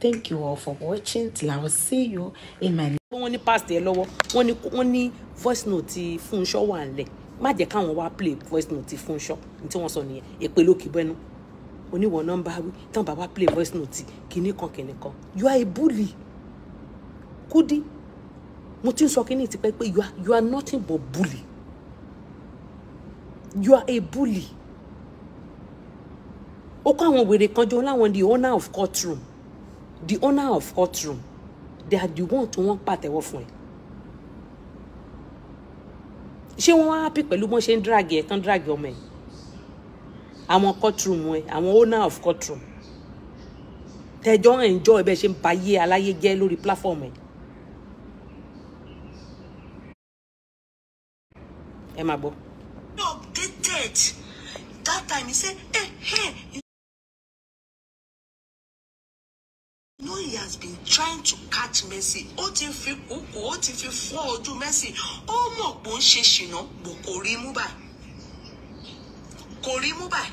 thank you all for watching till i will see you in my next. wọ́n ní past ẹ lọ́wọ́ wọ́n ní wọ́n ní voice note ti Fúnṣọ́ wà ń lẹ̀ má jẹ́ káwọn wá play voice note ti Fúnṣọ́ ní tí wọ́n sọ nìyẹn èpè lókè bẹ́nu oníwọ̀n nọ́mbà wí tán bàbá play voice note kìíní kan kìíní kan you are a bully Kudi mo ti ń sọ kìíní tipẹ́ pé you are you are nothing but bully you are a bully ó kó àwọn wèrè kan jọ láwọn the owner of courtroom the owner of hot room they are the one to wọ́n part fún ẹ ṣé wọ́n wá happy pẹ̀lú bọ́n ṣe drag ẹ̀ tán drag ọmọ ẹ̀ àwọn courtroom ẹ̀ àwọn owner of courtroom tẹjọ́ enjoy bẹ́ẹ̀ ṣe ń ba ayé aláyé jẹ́ lórí platform ẹ̀ ẹ máa gbọ́. no get dead that time he say eh, hey, eh. Hey. been trying to catch Messi ó ti fi kókó ó ti fi fọ́ ojú Messi ó mọ̀ pé ó ń ṣe ṣìnà bò kò rí mú báyìí kò rí mú báyìí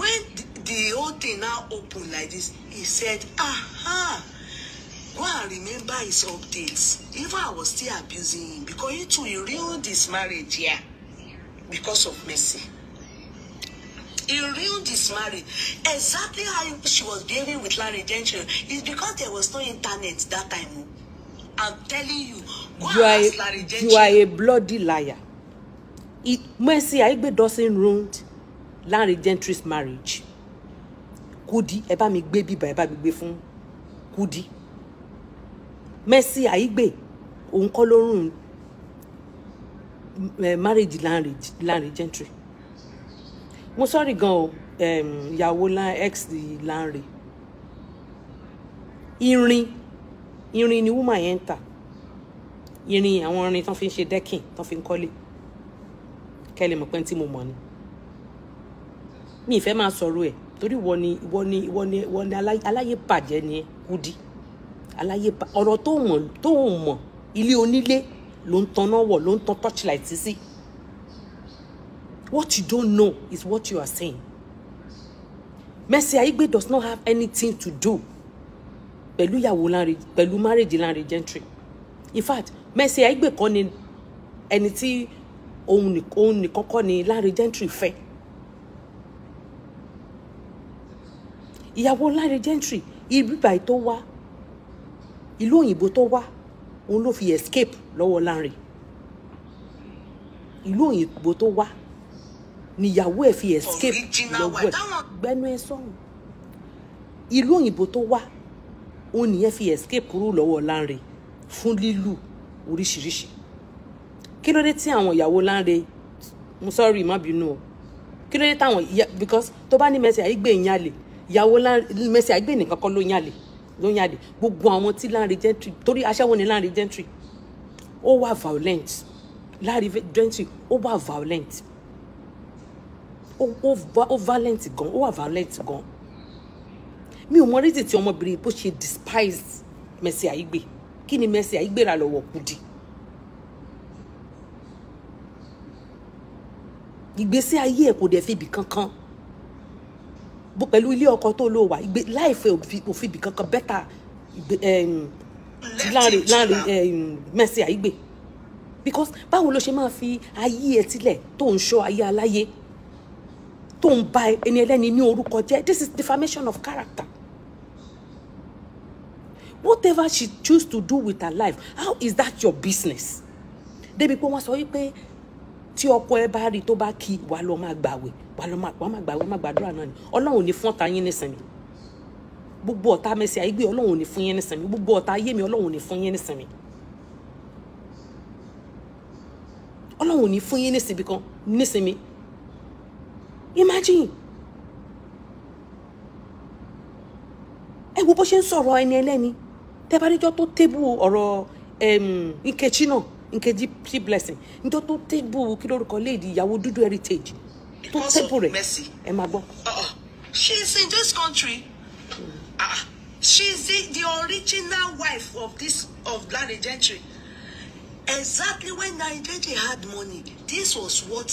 when the, the whole thing now open like this he said aha go and remember his updates even I was still abusing him because he too he ruined his marriage yeah, because of Messi he ruined his marriage. Exactly how she was behaving with Larry Gentry is because there was no internet that time. I'm telling you. you are, a, you are a bloody liar. It, Mercy Aigbe doesn't ruin Larry Gentry's marriage. Kudi, eba mi gbé bíbá, eba mi gbé fún Kudi. Mercy Aigbe, òun kọ́ ló eh, marriage Larry, Larry Gentry mo sọ́ọ̀rì gan o ìyàwó x Lanre irin irin ni woman yẹn ń tà irin àwọn irin tán fi ń ṣe dẹ́kìn tán fi ń kọ́lé kẹ́lẹ̀ mọ̀ tí mo mọ̀ ni mi ìfẹ́ máa sọ̀rọ̀ ẹ̀ torí ìwọ ni ìwọ ni ìwọ ni ìwọ ni aláyé bàjẹ́ ni Kudi aláyé ọ̀rọ̀ tó mọ̀ tó mọ̀ ilé onílé ló ń taná wọ̀ ló ń tan torchlight sí. Si What you don't know is what you are saying. Mercy Aigbe does not have anything to do pẹ̀lú ìyàwó Lanre pẹ̀lú marriage Lanre Gentry. In fact, Mercy Aigbe kan ni ẹni tí òun nìkan kọ́ ni Lanre Gentry fẹ́. Ìyàwó Lanre Gentry ibi báyìí tó wá ìlú òyìnbó tó wá òun ló fi escape lọ́wọ́ Lanre. Ìlú òyìnbó tó wá níyàwó ẹ̀ fi escape lọ́wọ́ ẹ̀ gbẹ́nu ẹ sọ̀hún ìlú òyìnbó tó wá òun nìyẹn fi escape kúrò lọ́wọ́ Lánre fún lílù oríṣiríṣi kí ló dé tí àwọn ìyàwó Lánre mo sorry má bínú o kí ló dé táwọn because tó bá ní Mercy Aigbe ìyàlè ìyàwó Mercy Aigbe nìkan kọ́ ló yàlè ló yàlè gbogbo àwọn tí Lánre Gentry torí aṣẹ́wó ni Lánre Gentry ó wà violent Lánre Gentry ó wà violent ó violent gan ó wà violent gan mi ò mọ rédì tí ọmọbìnrin bó ṣe despised Mercy Aigbe kí ni Mercy Aigbe rà lọ́wọ́ Kudi ìgbésí ayé ẹ̀ kò dẹ̀ fi ibì kankan bó pẹ̀lú ilé ọkọ tó lò wá ìgbé láìfẹ́ òfin ibì kankan bẹ́tà láàrin Mercy Aigbe because báwo ló ṣe máa fi ayé ẹ sílẹ̀ tó ń ṣọ́ ayé aláyé tó ń ba ẹni ẹlẹ́ni ní orúkọ jẹ́ this is defamation of character whatever she choose to do with her life how is that your business débi pé wọ́n sọ wípé tí ọkọ ẹ bá rí tó bá kí wàá lọ máa gbàwẹ̀ wàá lọ máa gbàwẹ̀ máa gbàdúrà náà ni ọlọ́run ò ní fún ọ̀tá yín nísìnyí gbogbo ọ̀tá mẹ́sì àyígbé ọlọ́run ò ní fún yín nísìnyí gbogbo ọ̀tá ayé mi ọlọ́run ò ní fún yín nísìnyí ọlọ́run ò ní fún yín nísìnyí kan nísìnyí imagine ẹ wo bó ṣe ń sọ̀rọ̀ ẹni ẹlẹ́ni tẹ́báríjọ́ tó tébù ọ̀rọ̀ Nkechi náà Nkechi blessing níjọ́ tó tébù kí lórúkọ léèdì ìyàwó dúdú heritage tó tébù rẹ̀ ẹ máa gbọ́. Uh-uh. she is in this country ah, uh-uh. she is the, the original wife of this of Lanre Gentry exactly when Lanre Gentry had money this was what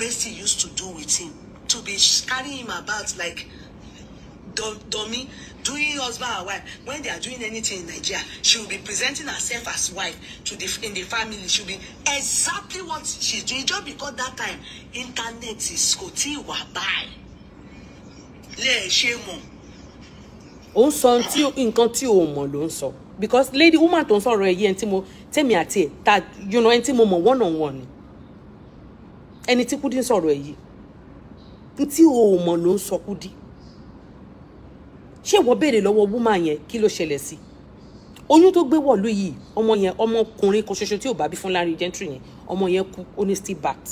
Mercy used to do with him to be carrying him about like dummy doing husband and wife when they are doing anything in Nigeria she will be presenting herself as wife to the in the family she will be exactly what she's doing just because that time internet is kò tí ì wà báyìí lè ṣe mọ̀. ó ń sọ tí nǹkan tí ò mọ̀ ló ń sọ because lady woman tó ń sọ̀rọ̀ ẹ̀yí ẹni tí mo tẹ̀mí àti ẹ̀ ta you know ẹni tí mo mọ̀ one on one ni ẹni tí kúndín sọ̀rọ̀ ẹ̀yí tí o ò mọ̀ ló ń sọkú di ṣé ìwọ béèrè lọ́wọ́ wúmà yẹn kí ló ṣẹlẹ̀ sí oyún tó gbé wọ̀lú yìí ọmọ yẹn ọmọkùnrin kan ṣoṣo tí ò bá bí fún Larry Gentry yẹn ọmọ yẹn kú ó ní still bat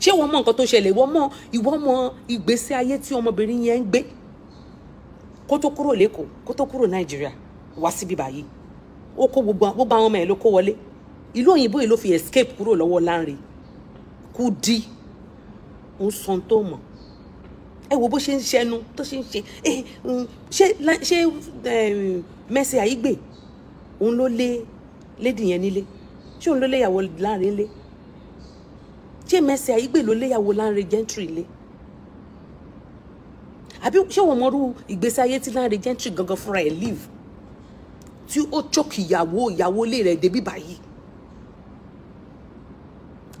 ṣé ìwọ mọ̀ nǹkan tó ṣẹlẹ̀ ìwọ mọ̀ ìwọ mọ̀ ìgbésí ayé tí ọmọbìnrin yẹn ń gbé kó tó kúrò lẹ́kọ̀ọ́ kó tó kúrò Nàìjíríà wá síbí báyìí ó kó gbogbo àwọn ọmọ ẹ̀ ló kó wọlé ìlú òyìnbó yìí ló fi escape kúrò lọ́wọ́ Lanre Kudi ń san tó mọ̀ ẹ wo bó ṣe ń ṣẹnu tó ṣe ń ṣe ṣe eh, ṣe Mercy Aigbe òun ló lé lédì yẹn nílé ṣé òun ló léyàwó láàrin lé ṣé Mercy Aigbe ló léyàwó láàrin gentry lé àbí ṣé wọn mọrú ìgbésí ayé tí láàrin gentry gangan fúnra ẹ̀ live tí ó chókì ìyàwó ìyàwó lé rẹ̀ débi báyìí.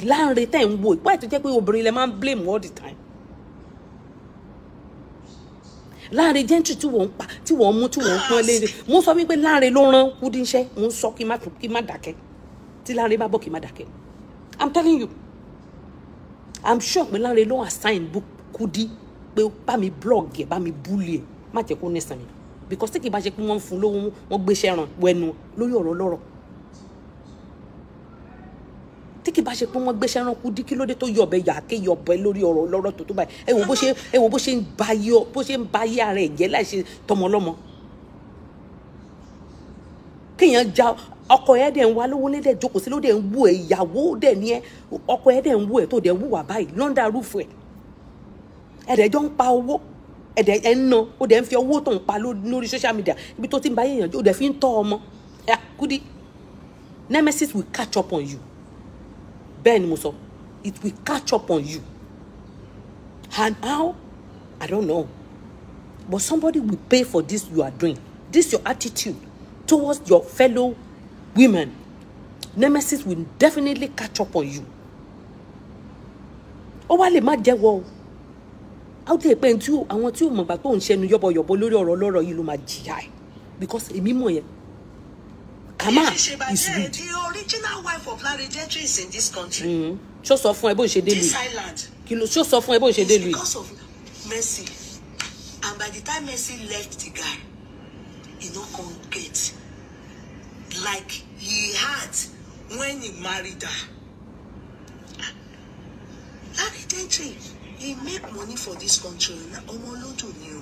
Láńre tẹ̀ ń wo ìpá ètò jẹ́ pé obìnrin lẹ máa ń blame all the time. Láńre gentry tí wọ́n ń pa tí wọ́n ń mú tí wọ́n ń pọ́n léde mo sọ wípé Láńre ló rán Kúdí iṣẹ́ mo ń sọ kí má kí má dákẹ́ tí Láńre bá bọ̀ kí má dákẹ́ I'm telling you I'm sure pé Láńre ló assign book Kúdí pé bá mi blog ẹ̀ bá mi bully ẹ̀ má jẹ́ kó ní sàmì because tí kì í bá ṣe pé wọ́n ń fún lówó wọ́n gbéṣẹ́ ràn wẹnu lórí ọ̀rọ̀ lọ́rọ̀ tí kì bá ṣe pé wọ́n gbéṣẹ́ ránkú dí kí ló dé tó yọ ọbẹ̀ yà ké yọ ọbẹ̀ lórí ọ̀rọ̀ ọlọ́rọ̀ tó tó báyìí ẹ wò bó ṣe ẹ wò bó ṣe ń ba yọ bó ṣe ń ba yé ara ẹ̀ jẹ́ láì ṣe tọmọlọ́mọ. kéèyàn ja ọkọ ẹ dẹ̀ ń wá lówó lé dẹ̀ jókòó sí ló dẹ̀ ń wù ẹ́ ìyàwó dẹ̀ ní ẹ ọkọ ẹ dẹ̀ ń wù ẹ́ tó dẹ̀ wùwà báyìí lọ́ndà rúfù ẹ̀ ẹ̀dẹ̀ jọ ń pa owó ẹ̀dẹ̀ ẹ̀ ń ná ó dẹ̀ ń fi owó tó ń pa lórí social media ibi tó ti ń bá yẹ̀yàn ó dẹ̀ fi ń tọ́ ọmọ ẹ̀ kúdí nemesis will catch up on you bẹ́ẹ̀ ni mo sọ it will catch up on you and how i don't know but somebody will pay for this you are doing this your attitude towards your fellow women nemesis will definitely catch up on you ó wá lè má jẹ́wọ́ o á dé pé àwọn tí ò mọ̀gbà tó ń ṣẹnu yọ̀bọ̀yọ̀bọ̀ lórí ọ̀rọ̀ ọlọ́rọ̀ yìí ló máa jìyà ẹ̀ because èmi mọ̀ yẹn kama is weak. the original wife of Larry Gentry is in this country. Mm-hmm. ṣó sọ fún ẹ bó ń ṣe dé lu kí so ṣó sọ fún ẹ bó ń ṣe dé lu. it's because of Mercy and by the time Mercy left the guy he no come get like he had when he married her. Larry Gentry he make money for this country ọmọ ni o.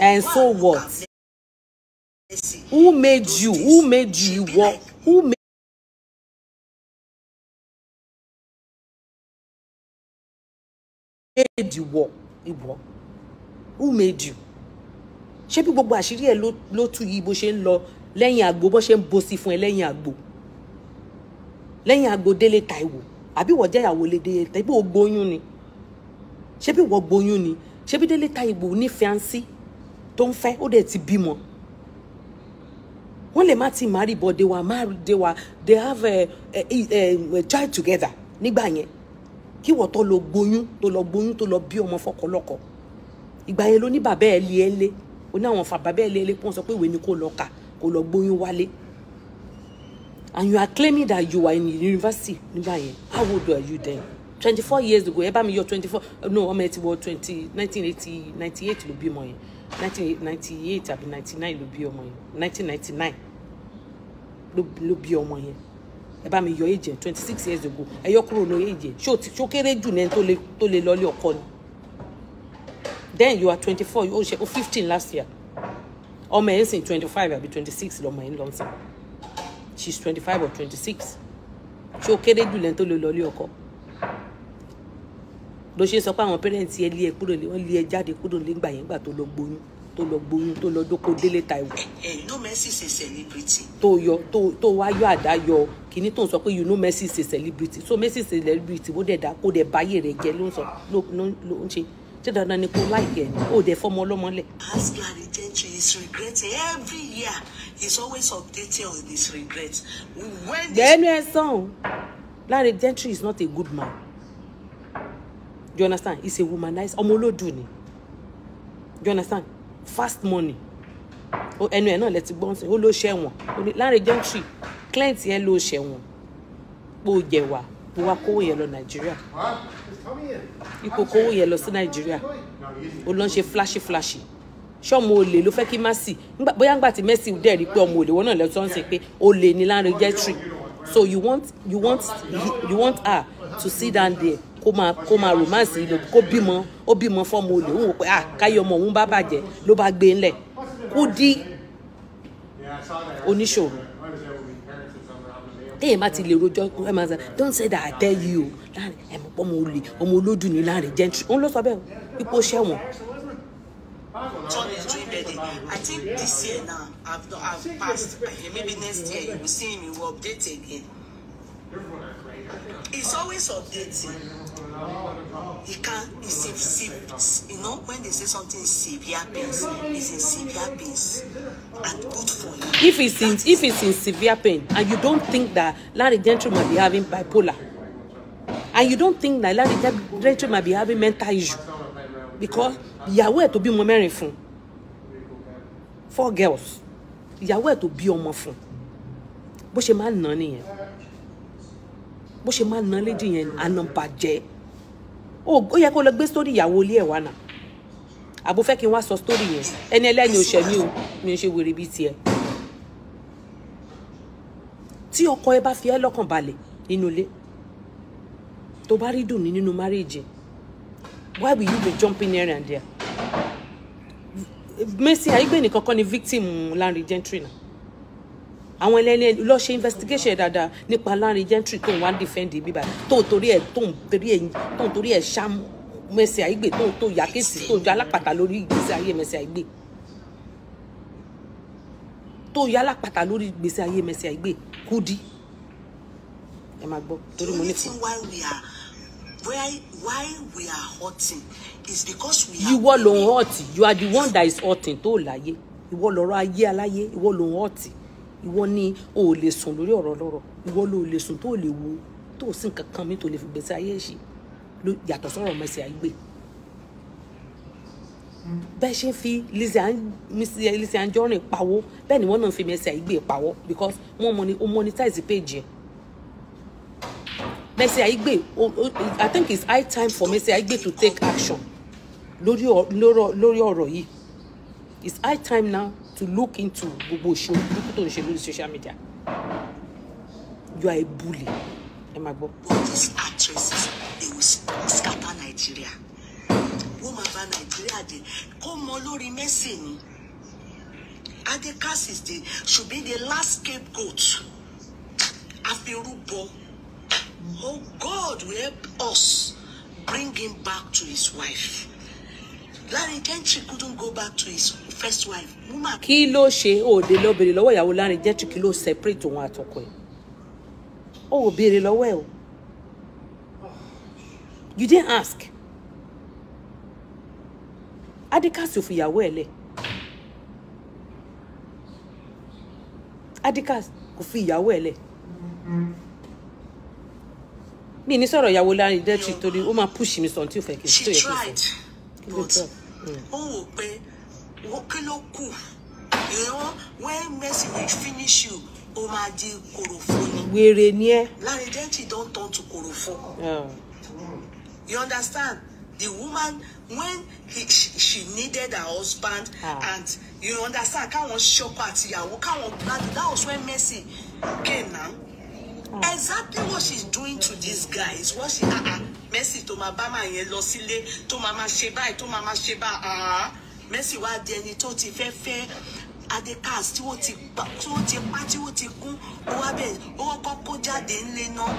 And so what? Who made you? Who made you? What? who made made you wọ who made you ṣé bí gbogbo àṣírí ẹ ló tú yìí bó ṣe ń lọ lẹ́yìn àgbo bó ṣe ń bo sí fún ẹ lẹ́yìn àgbo lẹ́yìn àgbo Délé Táíwò àbí wọ́n jẹ́yàwó lè dé tẹ́bí ògbóyún ni ṣé bí wọ́n gboyún ni ṣé bí Délé Táíwò onífẹ́ǹsì tó ń fẹ́ ó dẹ̀ ti bímọ wọ́n lè má ti marry but wa were married they wa they have a, a, a, child together nígbà yẹn kí wọ́n tó lọ gboyún tó lọ gboyún tó lọ bí ọmọ fọkọlọ́kọ ìgbà yẹn ló ní bàbá ẹ̀ lé ẹ́ lé ó ní àwọn bàbá ẹ̀ lé ẹ́ lé pọ́n sọ pé ìwé ni kò lọ kà kò lọ gboyún wálé and you are claiming that you are in university nígbà yẹn how old are you then twenty four years ago ẹ bá mi yọ twenty four no ọmọ ẹ ti wọ twenty nineteen eighty ninety eight ló bí ọmọ yẹn nineteen ninety eight àbí ninety nine ló bí ọmọ yẹn nineteen ninety nine ló bí ọmọ yẹn ẹ bá mi yọ èjẹ twenty six years ago ẹ yọ kúrò lórí èjẹ ṣó kéré jù ní ẹni tó lè lọ́ọ́lé ọkọ ni then you are twenty four o ṣe o fifteen last year ọmọ ẹ̀ ń sìn twenty five àbí twenty six lọmọ ẹ̀ ń lọ sìn she is twenty five or twenty six ṣé o kéré jù lẹ́ni tó lè lọ ilé ọkọ ló ṣe ń sọ pé àwọn pẹrẹǹtì ẹ ẹ kúrò lé wọn lé ẹ jáde kúrò lé yẹn gbà tó lọ gbóyún tó lọ gbóyún tó lọ dóko délé Táíwò. ẹ no mercy is a celebrity. tó yọ tó tó wá yọ àdá yọ kíní tó ń sọ pé you no mercy is a celebrity so mercy is a celebrity bó dẹ̀ dá kó dẹ̀ báyé rẹ̀ jẹ́ ló ń sọ ló ń ṣe ṣé dandan ni kó láìpẹ́ ó dẹ̀ fọmọ ọlọ́mọ lẹ̀. as Gary Gentry is regretting every year he's always updating on his regrets. bẹ́ẹ̀ ni ẹ sàn Larry Gentry is not a good man you understand he's a womanizer ọmọ olódù ni you understand fast money ẹnu ẹ̀ náà lẹ́tí gbọ́n sí ó ló ṣẹ̀wọ̀n láàrin junction client yẹn ló ṣẹ̀wọ̀n pò jẹ̀wà mo wá kówó yẹn lọ nàìjíríà ipò kówó yẹn lọ sí nàìjíríà ó lọ ń ṣe flashy flashy ṣọ́ọ̀mù olè ló fẹ́ kí má sì bóyá ńgbà tí Messi dẹ̀ rí pé ọmọ olè wọn náà lẹ́tọ́ ń sè pé olè ni láàrin gẹ́tìrì so you want you want you want her to sit down there kó máa kó máa romance yìí kó bímọ ó bímọ fọmọ olè òun wò pé ah, káyọ ọmọ òun bá bàjẹ́ ló bá gbé ńlẹ̀ kó dí oníṣòro téèyàn bá ti lè rojọ́ ẹ máa sọ don't say that I tell you láàrin ẹ mọ̀ pé ọmọ olè ọmọ olódù ní láàrin gentry òun ló sọ bẹ́ẹ̀ ipò ṣẹ̀wọ̀n. I think this year now, I've, I've passed. Maybe next year you will see him, you update again sense of dating. You can it's if, if, you know when they say something is severe pains, it's in severe pains and good for you. If it's in if it's in severe pain and you don't think that Larry Gentry might be having bipolar and you don't think that Larry Gentry might be having mental issue because ìyàwó ẹ̀ tó bí ọmọ mẹ́rin fún four girls ìyàwó ẹ̀ tó bí ọmọ fún bó ṣe máa ń nà nìyẹn bó ṣe máa ná lédì yẹn ànàbàjẹ́ ó yẹ kó lọ gbé sórí ìyàwó ilé ẹ̀ wá nà àbò fẹ́ kí n wá sọ sórí yẹn ẹni ẹlẹ́ni ò ṣẹ̀mí o mi ò ṣe wèrè bíi tiẹ̀ tí ọkọ ẹ bá fi ẹ́ lọ́kàn balẹ̀ nínú ilé tó bá rí dùn nínú márèèjì why will you be jumping here and there Mercy Aigbe nìkan kọ́ ni victim Lanre Gentry náà àwọn ẹlẹ́ni lọ ṣe investigation dáadáa nípa láàrin gentry tó ń wá defend bíbá tó ń torí ẹ̀ tó ń torí ẹ̀ tó ń torí ẹ̀ ṣam Mercy Aigbe tó ń tó yà kéèsì tó ń jọ alápàtà lórí ìgbésí ayé Mercy Aigbe tó yà alápàtà lórí ìgbésí ayé Mercy Aigbe Kudi ẹ máa gbọ́ torí mo ní fún. Why, why we are hurting is because we are. Ìwọ ló ń hurt. You are the one that is hurting tó láyé. Ìwọ lọ̀rọ̀ ayé aláyé. Ìwọ ló ń hurt ìwọ ni o ò lè sùn lórí ọ̀rọ̀ lọ́rọ̀ ìwọ ló lè sùn tó o lè wo tó o sì nǹkan kan mi tó lè fi gbèsè ayé ṣe yàtọ̀ sọ̀rọ̀ ọmọ ẹsẹ̀ àgbè bẹ́ẹ̀ ṣe ń fi Lizzy Anjorin pawó bẹ́ẹ̀ ni wọ́n náà fi Mercy Aigbe pawó because wọ́n mọ ni ó monetize page yẹn Mercy Aigbe I think it's high time for Mercy Aigbe to take action lórí ọ̀rọ̀ yìí it's high time now to look into gbogbo òṣèlú burúkú tó ń ṣe lórí social media you are a bully ẹ máa gbọ́. all these actresses they will scatter Nigeria wọ́n máa bà Nigeria jẹ́ kó mọ lórí Mercy ni Adekas is the should be the last scapegoat afirúbọ oh God will help us bring him back to his wife. Lanre Gentry couldn't go back to his first wife. Muma. Kí ló ṣe òde lọ béèrè lọ́wọ́ ìyàwó Lanre Gentry kí ló separate òun àtọkọ ẹ̀? Ó ò béèrè lọ́wọ́ ẹ̀ o. You didn't ask. Adikas ò fi ìyàwó ẹ̀ lẹ̀. Adikas kò fi ìyàwó ẹ̀ lẹ̀. Mi ní sọ̀rọ̀ ìyàwó Lanre Gentry torí ó máa push mi sọ̀rọ̀ tí ò fẹ́ kí n tó yẹ kí n sọ. She tried, but ó wò pé kí ló kù ìran when mercy will finish you ó máa di kòròfo ni. wèrè ni ẹ. Larry Deji don turn to kòròfo. you understand the woman when he, she, she needed her husband ah. and you understand káwọn ṣọkọ àtìyàwó káwọn gbádùn that was when mercy came now. Mm. exactly what she's doing to these guys. what she ah ah Mercy tó máa bá màá yẹn lọ sílé tó máa máa ṣe báyìí tó máa ah, ah. Mercy wá di ẹni tó ti fẹ́ fẹ́ adekas tí wọ́n ti pa tí wọ́n ti pa tí wọ́n ti kún O abẹ́ owó kọ́kọ́ jáde ńlẹ̀ náà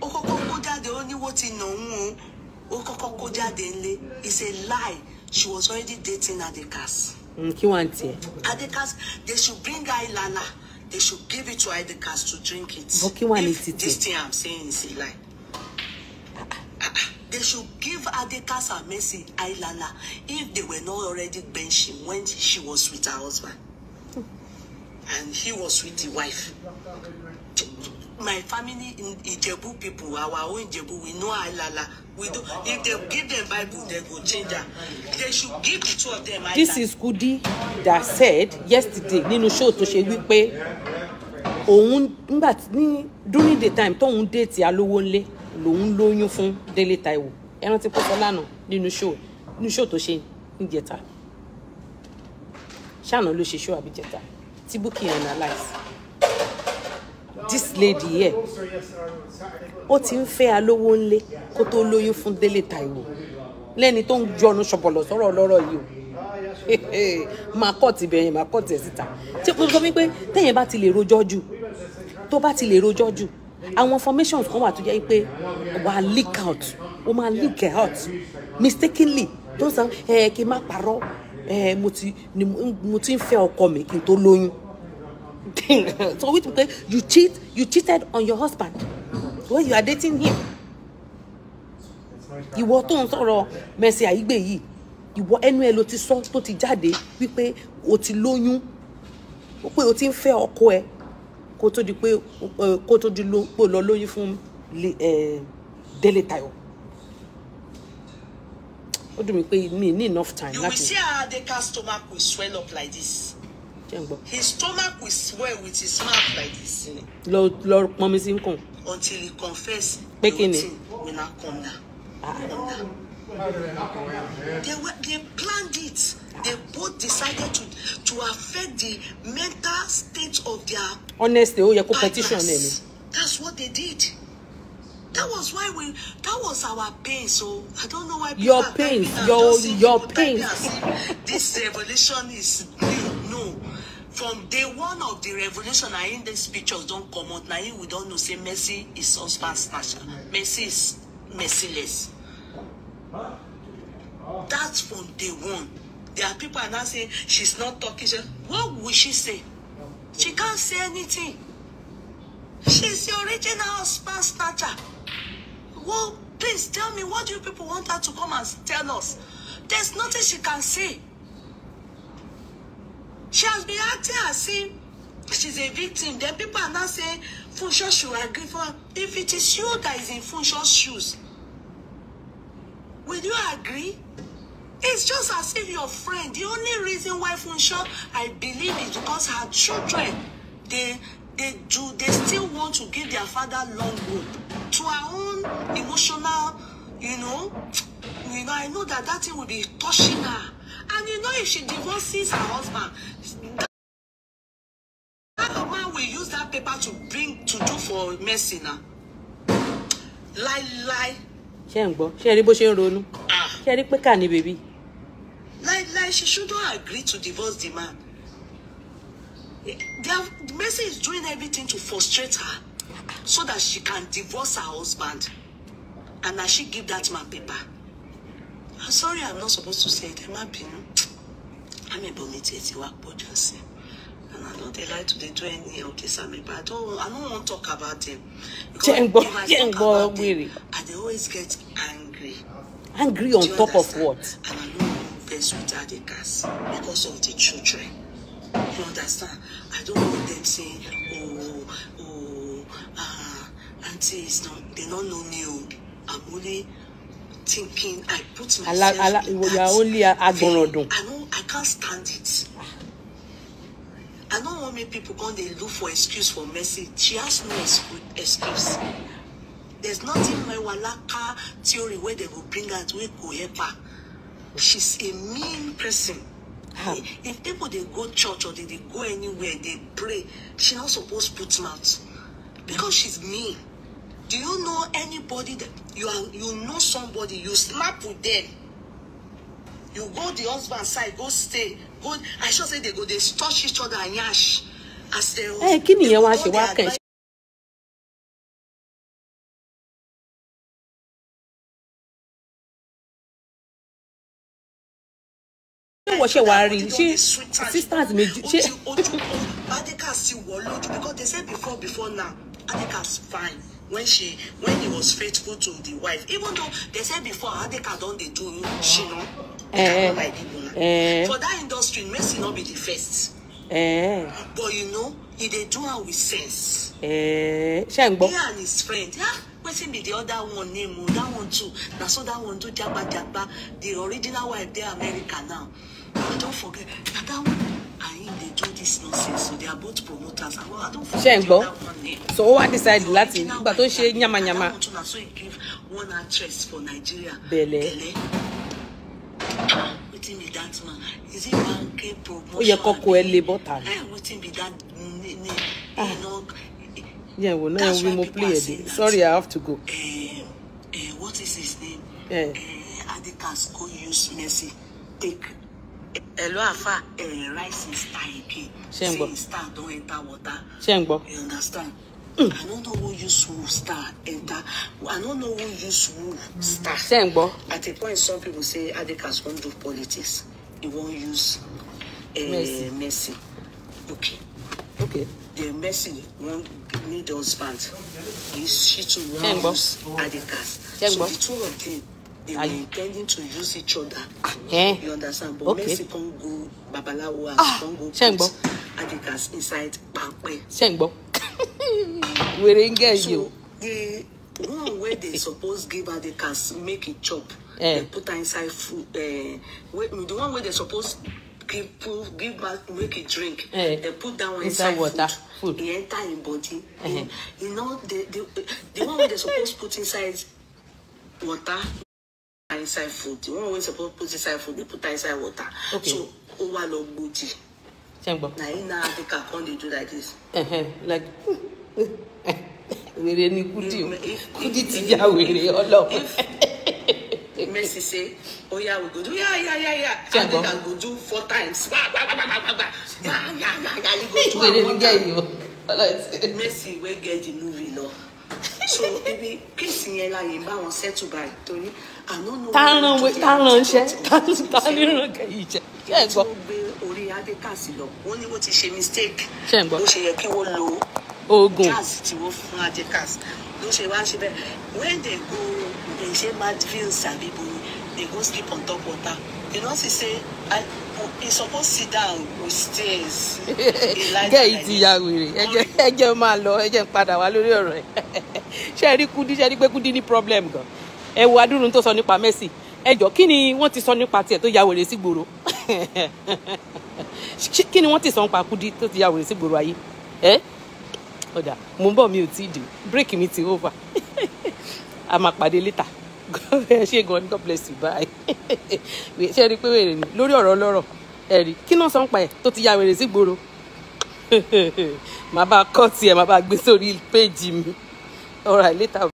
ó kọ́kọ́ kó jáde ó ní wọ́n ti nà ń o ó kọ́kọ́ kó jáde ńlẹ̀ it's a lie she was already dating adekas. Mm, kí wọ́n á tiẹ̀. adekas they should bring her ilana they should give it to Idicast to drink it. But if this thing I'm saying is a lie. They should give Adekas and Mercy Ailala if they were not already benching when she was with her husband. And he was with the wife my family in Ijebu people, our own Ijebu, we know Alala. We do. If they give them Bible, they go change that. They should give the two of them. Alala. This is Kudi that said yesterday nínú show to ṣe wípé òun nígbà ní during the time tóun déètì alówó ńlé lòun lóyún fún Délé Táíwò ẹ rántí kó sọ lánàá nínú show nínú show tó ṣe níjẹta ṣáà náà ló ṣe show àbíjẹta tí Bukky analyze this lady here ó ti ń fẹ́ alówó ńlé kó tó lóyún fún Délé Táíwò lẹ́ni tó ń jọnu ṣọ̀bọ̀lọ̀ sọ̀rọ̀ lọ́rọ̀ yìí o máa kọ́ ti bẹ̀yẹn máa kọ́ ti ẹ̀ síta tí mo sọ wípé téèyàn bá ti lè rojọ́ jù tó bá ti lè rojọ́ jù àwọn formations kan wà tó jẹ́ pé wà á leak out ó máa leak out mistakenly tó ń sọ ẹ kí n má parọ́ ẹ mo ti ń fẹ́ ọkọ mi kí n tó lóyún so which means you cheat you cheated on your husband when you are dating him ìwọ tó ń sọ̀rọ̀ Mercy Aigbe yìí ìwọ ẹnu ẹ ló ti sọ tó ti jáde wípé o ti lóyún ó pé o ti ń fẹ́ ọkọ ẹ kó tó di pé kó tó di pé o lọ lóyún fún Délé Táyọ̀ ó dùn mí pé mi ní enough time láti. you will see how the customer go swell up like this his stomach will swell with his mouth like this. lọ lọ pọnmi sí nkùn. until he confess the thing will now come down. Ah. Come down. They, were, they planned it. They both decided to, to affect the mental state of their Honestly, ó yẹ kó petition name. That's what they did. That was why we that was our pain. So I don't know why your pain, your your pain. This revolution is new from day one of the revolution na in dis pictures don comot na in we don know say Mercy is husband snatcher Mercy, is merciless that's from day one There dia pipo are now saying she's not turkish what will she say she cant say anytin she's the original husband snatcher well please tell me what do you people want her to come and tell us there's nothing she can say She has been acting as if she's a victim. Then people are now saying Funsho should agree for If it is you that is in Funsho's shoes, will you agree? It's just as if your friend, the only reason why Funsho, I believe, is because her children, they they do they still want to give their father long rope to her own emotional, you know. You know, I know that that thing will be touching her. And you know, if she divorces her husband, that man will use that paper to bring to do for mercy now. Lie, lie. She gbọ́? Ṣé ẹ rí bó ṣe ń ronú? Ah. Ṣé ẹ rí pé kà ní bèbí? Láíláí, she shouldn't agree to divorce the man. The mercy is doing everything to frustrate her so that she can divorce her husband and na she give that man paper. I'm sorry I'm not supposed to say it. I'm má bínú. Amebo mi work ti wá And I know they like to they do any of this amebo. But I don't I don't want to talk about them. Because Jengo, if I always get angry. Angry on top understand? of what? And I know wan vex with Daddy Cass because of the children. You understand? I don't want them saying, oh, oh, ah, uh, auntie is not, they don't know me. Oh. I'm only thinking I put myself ala, ala, in that. You are only agbonrodun. I know I can't stand it. I don't want me people come they look for excuse for mercy. She has no excuse. There's nothing my walaka theory where they will bring her to go help her. She's a mean person. Huh. If people they go church or they, they go anywhere, they pray, she not supposed to put mouth. Because she's mean. Do you know anybody that you are you know somebody, you slap with them? You go the husband side, go stay, go I should say they go, they touch each other and yash. As they, hey, give me your wash, you walk wo ṣe rí ṣé sisters méjì ṣe. ojú ojú adekasi wọ lójú because they say before before now adekasi fine when she when he was faithful to the wife even though they said before adeka don't they do she know. eh, like eh. for that industry mercy not be the first eh. but you know he dey do her with sense eh. he and his friend ah, wetin be the other one name o that one too na so that one too, jabba jabba, the original wife dey america now i don forget na that one ṣe ń gbọ́ eh. so ó wá decide láti nígbà tó ṣe yamayama bẹ̀lẹ̀ ó yẹ kọ́kọ́ ẹ lè bọ́ta ni yẹn wò náà wí mo play ẹ̀ dé sorry I have to go. Uh, uh, what is his name? Adikas go use Mercy take ẹ̀lọ́ àfà ẹ̀yìn rising star again say star don enter water you understand. Mm. I don't know who use who star enter. I don't know who use who star. Ṣé At a point some people say Adekas wan do politics. He wan use uh, Mercy. Mercy. Okay. Okay. The Mercy wan need husband. He she too wan use Adekas. So the two of them they were intending to use each other. Eh? You understand? But okay. Mercy can't go babalawo and ah, can't go put Adidas inside Pape. We didn't get so, you. The one where they suppose give her the cast make it chop. Eh. They put her inside food. Uh, the one where they suppose give put, give back make it drink. Eh. They put that one inside, inside water. Food. food. It enter in body. Uh eh. -huh. You know the the the one where they suppose put inside water inside food the one we supposed to put inside food dey put inside water okay. so ó wá lọ gbòjì na in africa come dey do like this. Uh-huh. like we're ni Kudi o mm, Kudi ti ya wèrè ọlọ́run. Mercy say oh, yeah, we go do Yeah, yeah, yeah, ya ya Adika go do four times gba gba gba gba gba ya ya ya ya you go do am one time Messi, we get the movie lọ so ibi kéèsì yẹn la yìí bá wọn settle by torí tá a ràn wé tá a ràn ṣẹ́ tá a ní ràn kẹ́yìn jẹ́ ṣe gbọ́. orí adékàs lọ ó ní wọ́n ti ṣe mistake ṣe gbọ́ ó ṣe yẹ kí wọ́n lo oògùn jazz tí wọ́n fún adékàs ló ṣe wá ṣe bẹ́ẹ̀ when they go they ṣe madvin sabi bo they go sleep on top water you know say say i oh, he suppose sit down with stairs. gẹ́ yìí ti ya wèrè ẹ jẹ́ máa lọ ẹ jẹ́ padà wá lórí ọ̀rọ̀ ẹ̀ ṣe é rí kudi ṣe é rí pé kudi ní problem gan ẹ wo adúrún tó sọ nípa Messi ẹ jọ kí ni wọ́n ti sọ nípa tiẹ̀ tó ya wèrè sí gbòòrò kí ni wọ́n ti sọ nípa Kudi tó ti ya wèrè sí gbòòrò ayé ẹ ọ̀dà mo ń bọ̀ mi ò tí ì dé break mi ti over a máa pàdé later ṣé gan God bless you bye ṣe rí i pé wèrè ni lórí ọ̀rọ̀ ọlọ́rọ̀ ẹ̀rí kí náà sọ ń pa ẹ̀ tó ti ya wèrè sí gbòòrò màá bá kọ́ tiẹ̀ màá bá gbé sórí péèjì mi all right later.